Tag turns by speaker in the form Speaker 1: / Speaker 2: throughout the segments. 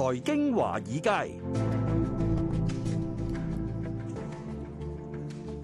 Speaker 1: 財經華爾街，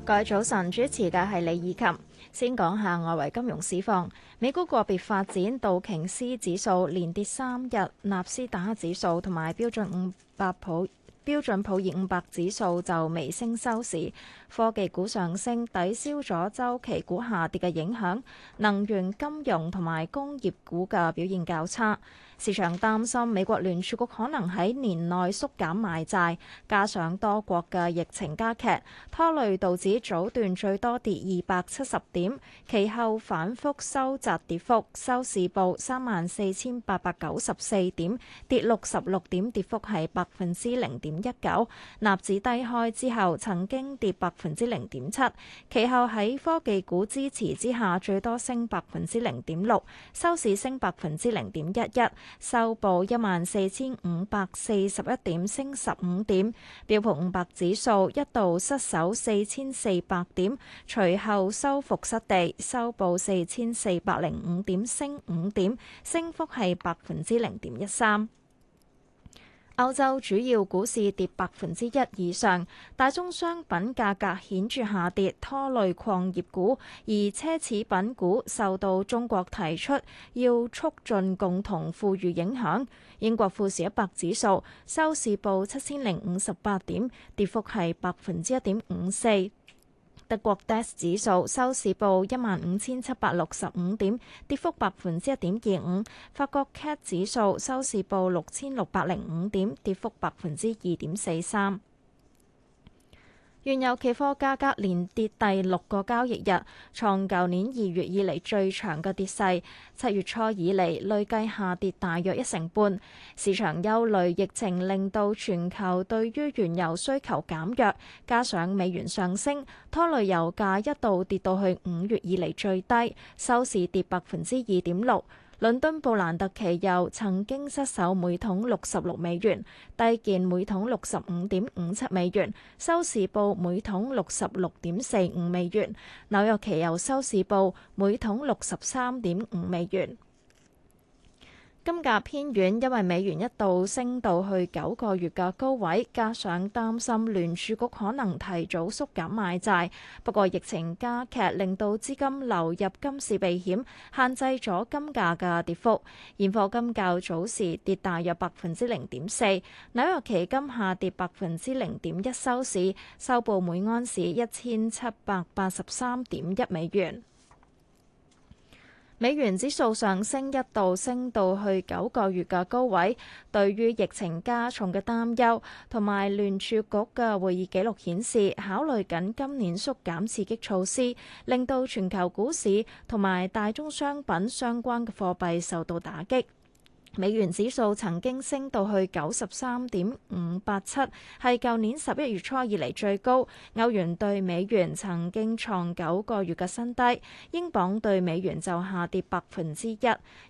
Speaker 2: 各位早晨，主持嘅係李以琴。先講下外圍金融市況，美股個別發展，道瓊斯指數連跌三日，納斯達克指數同埋標準五百普標準普爾五百指數就微升收市。科技股上升抵消咗周期股下跌嘅影響，能源、金融同埋工業股嘅表現較差。市場擔心美國聯儲局可能喺年內縮減買債，加上多國嘅疫情加劇，拖累道指早段最多跌二百七十點，其後反覆收窄跌幅，收市報三萬四千八百九十四點，跌六十六點，跌幅係百分之零點一九。納指低開之後曾經跌百分之零點七，其後喺科技股支持之下最多升百分之零點六，收市升百分之零點一一。收報一萬四千五百四十一點，升十五點。標普五百指數一度失守四千四百點，隨後收復失地，收報四千四百零五點，升五點，升幅係百分之零點一三。歐洲主要股市跌百分之一以上，大宗商品價格顯著下跌，拖累礦業股，而奢侈品股受到中國提出要促進共同富裕影響。英國富時一百指數收市報七千零五十八點，跌幅係百分之一點五四。德國 DAX 指數收市報一萬五千七百六十五點，跌幅百分之一點二五。法國 CAC 指數收市報六千六百零五點，跌幅百分之二點四三。原油期貨價格連跌第六個交易日，創舊年二月以嚟最長嘅跌勢。七月初以嚟累計下跌大約一成半。市場憂慮疫情令到全球對於原油需求減弱，加上美元上升，拖累油價一度跌到去五月以嚟最低，收市跌百分之二點六。倫敦布蘭特期油曾經失守每桶六十六美元，低見每桶六十五點五七美元，收市報每桶六十六點四五美元。紐約期油收市報每桶六十三點五美元。金價偏軟，因為美元一度升到去九個月嘅高位，加上擔心聯儲局可能提早縮減買債。不過疫情加劇令到資金流入金市避險，限制咗金價嘅跌幅。現貨金較早時跌大約百分之零點四，紐約期金下跌百分之零點一收市，收報每安士一千七百八十三點一美元。美元指數上升，一度升到去九個月嘅高位，對於疫情加重嘅擔憂，同埋聯儲局嘅會議記錄顯示，考慮緊今年縮減刺激措施，令到全球股市同埋大宗商品相關嘅貨幣受到打擊。美元指數曾經升到去九十三點五八七，係舊年十一月初以嚟最高。歐元對美元曾經創九個月嘅新低，英鎊對美元就下跌百分之一。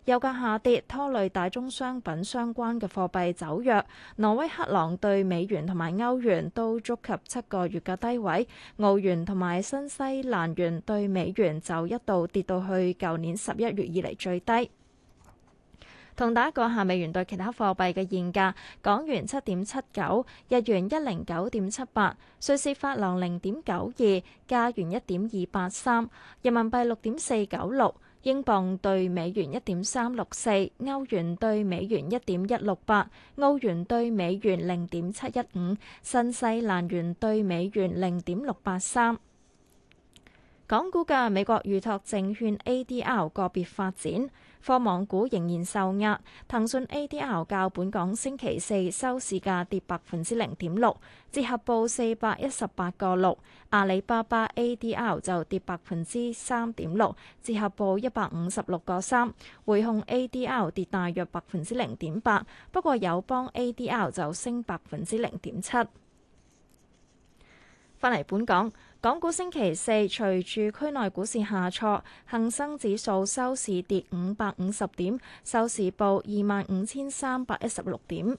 Speaker 2: 油價下跌拖累大宗商品相關嘅貨幣走弱，挪威克朗對美元同埋歐元都觸及七個月嘅低位，澳元同埋新西蘭元對美元就一度跌到去舊年十一月以嚟最低。同大家講下美元對其他貨幣嘅現價，港元七點七九，日元一零九點七八，瑞士法郎零點九二，加元一點二八三，人民幣六點四九六，英鎊對美元一點三六四，歐元對美元一點一六八，澳元對美元零點七一五，新西蘭元對美元零點六八三。港股嘅美國預託證券 ADR 個別發展，科網股仍然受壓。騰訊 ADR 較本港星期四收市價跌百分之零點六，折合報四百一十八個六。阿里巴巴 ADR 就跌百分之三點六，折合報一百五十六個三。匯控 ADR 跌大約百分之零點八，不過友邦 ADR 就升百分之零點七。翻嚟本港。港股星期四隨住區內股市下挫，恒生指數收市跌五百五十點，收市報二萬五千三百一十六點。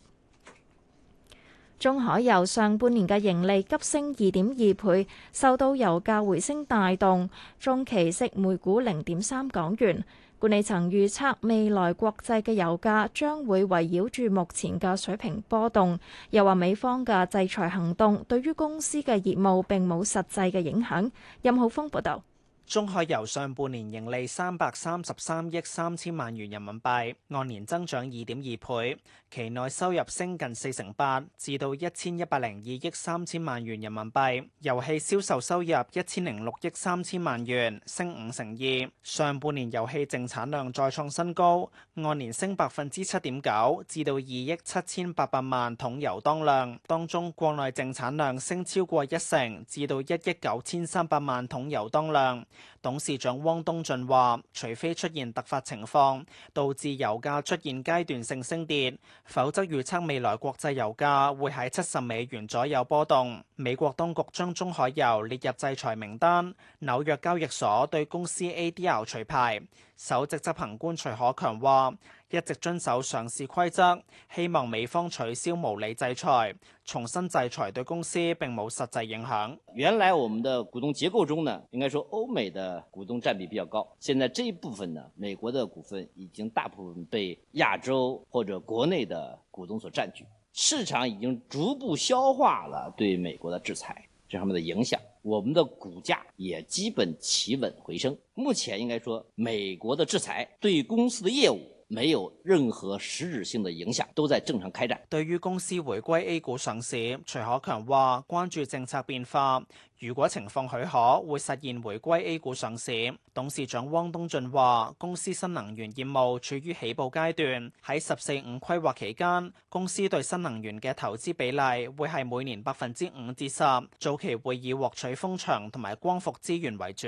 Speaker 2: 中海油上半年嘅盈利急升二點二倍，受到油價回升帶動，中期息每股零點三港元。管理層預測未來國際嘅油價將會圍繞住目前嘅水平波
Speaker 1: 動，又話美方嘅制裁行動對於
Speaker 2: 公司嘅業務並冇實際嘅
Speaker 1: 影響，任浩峰報道。中海油上半年盈利三百三十三億三千萬元人民幣，按年增長二點二倍。期內收入升近四成八，至到一千一百零二億三千萬元人民幣。油氣銷售收入一千零六億三千萬元，升五成二。上半年油氣淨產量再創新高，按年升百分之七點九，至到二億七千八百萬桶油當量。當中國內淨產量升超過一成，至到一億九千三百萬桶油當量。董事長汪東進話，除非出現突發情況，導致油價出現階段性升跌，否則預測未來國際油價會喺七十美元左右波動。美國當局將中海油列入制裁名單，紐約交易所對公司 ADR 除牌。首席執行官徐可強話。一直遵守上市規則，希望美方取消無理制裁，重新制裁對公司並無實際影響。原來我們的股東結構中呢，應該說歐美的股東佔比比較高。現在這一部分呢，美國的股份已經大部分被亞洲或者國內的股東所佔據，市場已經逐步消化了對美國的制裁這方面的影響，我們的股價也基本企穩回升。目前應該說美國的制裁對公司的業務沒有任何實質性的影響，都在正常開展。對於公司回歸 A 股上市，徐可強話關注政策變化，如果情況許可，會實現回歸 A 股上市。董事長汪東俊話，公司新能源業務處於起步階段，喺十四五規劃期間，公司對新能源嘅投資比例會係每年百分之五至十，早期會以獲取風場同埋光伏資源為主。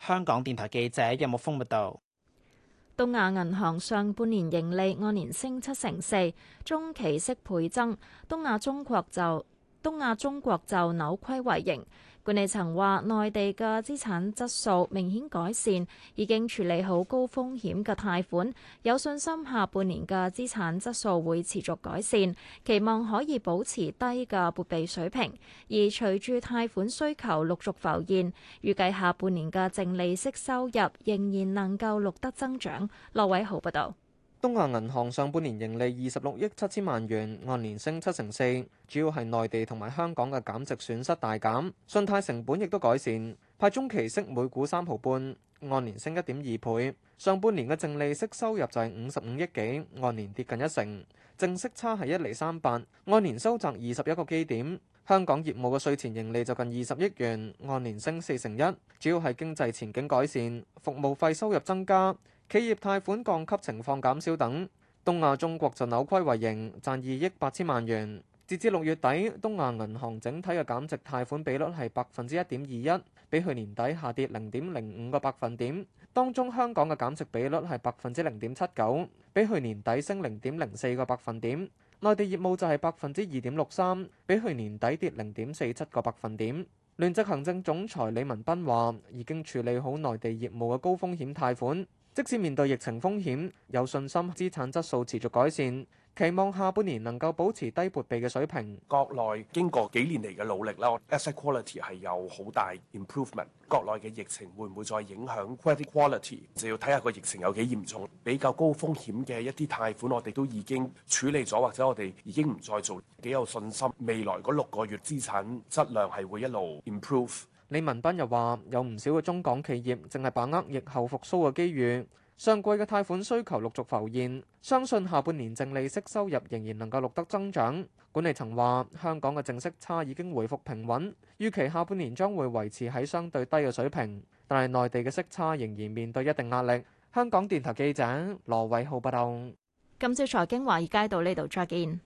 Speaker 1: 香港電台記者任木峰報道。
Speaker 2: 東亞銀行上半年盈利按年升七成四，中期息倍增。東亞中國就。東亞中國就扭虧為盈，管理層話內地嘅資產質素明顯改善，已經處理好高風險嘅貸款，有信心下半年嘅資產質素會持續改善，期望可以保持低嘅撥備水平。而隨住貸款需求陸續浮現，預計下半年嘅淨利息收入仍然能夠錄得增長。羅偉豪報道。
Speaker 3: 東亞銀行上半年盈利二十六億七千萬元，按年升七成四，主要係內地同埋香港嘅減值損失大減，信貸成本亦都改善，派中期息每股三毫半，按年升一點二倍。上半年嘅淨利息收入就係五十五億幾，按年跌近一成，淨息差係一厘三八，按年收窄二十一個基點。香港業務嘅稅前盈利就近二十億元，按年升四成一，主要係經濟前景改善，服務費收入增加。企業貸款降級情況減少等，東亞中國就扭虧為盈，賺二億八千萬元。截至六月底，東亞銀行整體嘅減值貸款比率係百分之一點二一，比去年底下跌零點零五個百分點。當中香港嘅減值比率係百分之零點七九，比去年底升零點零四個百分點。內地業務就係百分之二點六三，比去年底跌零點四七個百分點。聯席行政總裁李文斌話，已經處理好內地業務嘅高風險貸款，即使面對疫情風險，有信心資產質素持續改善。期望下半年能夠保持低撥備嘅水平。國內經過幾年嚟嘅努力啦，asset quality 係有好大 improvement。國內嘅疫情會唔會再影響 credit quality？就要睇下個疫情有幾嚴重。比較高風險嘅一啲貸款，我哋都已經處理咗，或者我哋已經唔再做，幾有信心。未來嗰六個月資產質量係會一路 improve。李文斌又話：有唔少嘅中港企業，淨係把握疫後復甦嘅機遇。上季嘅貸款需求陸續浮現，相信下半年淨利息收入仍然能夠錄得增長。管理層話，香港嘅淨息差已經回復平穩，預期下半年將會維持喺相對低嘅水平。但係內地嘅息差仍然面對一定壓力。香港電台記者羅偉浩報道。
Speaker 2: 今朝財經華爾街到呢度，再見。